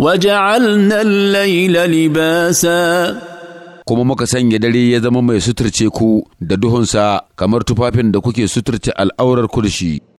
وجعلنا الليل لباسا kuma muka sanya dare ya zama mai suturce ku da duhunsa kamar tufafin da kuke suturce al'aurar kurshi.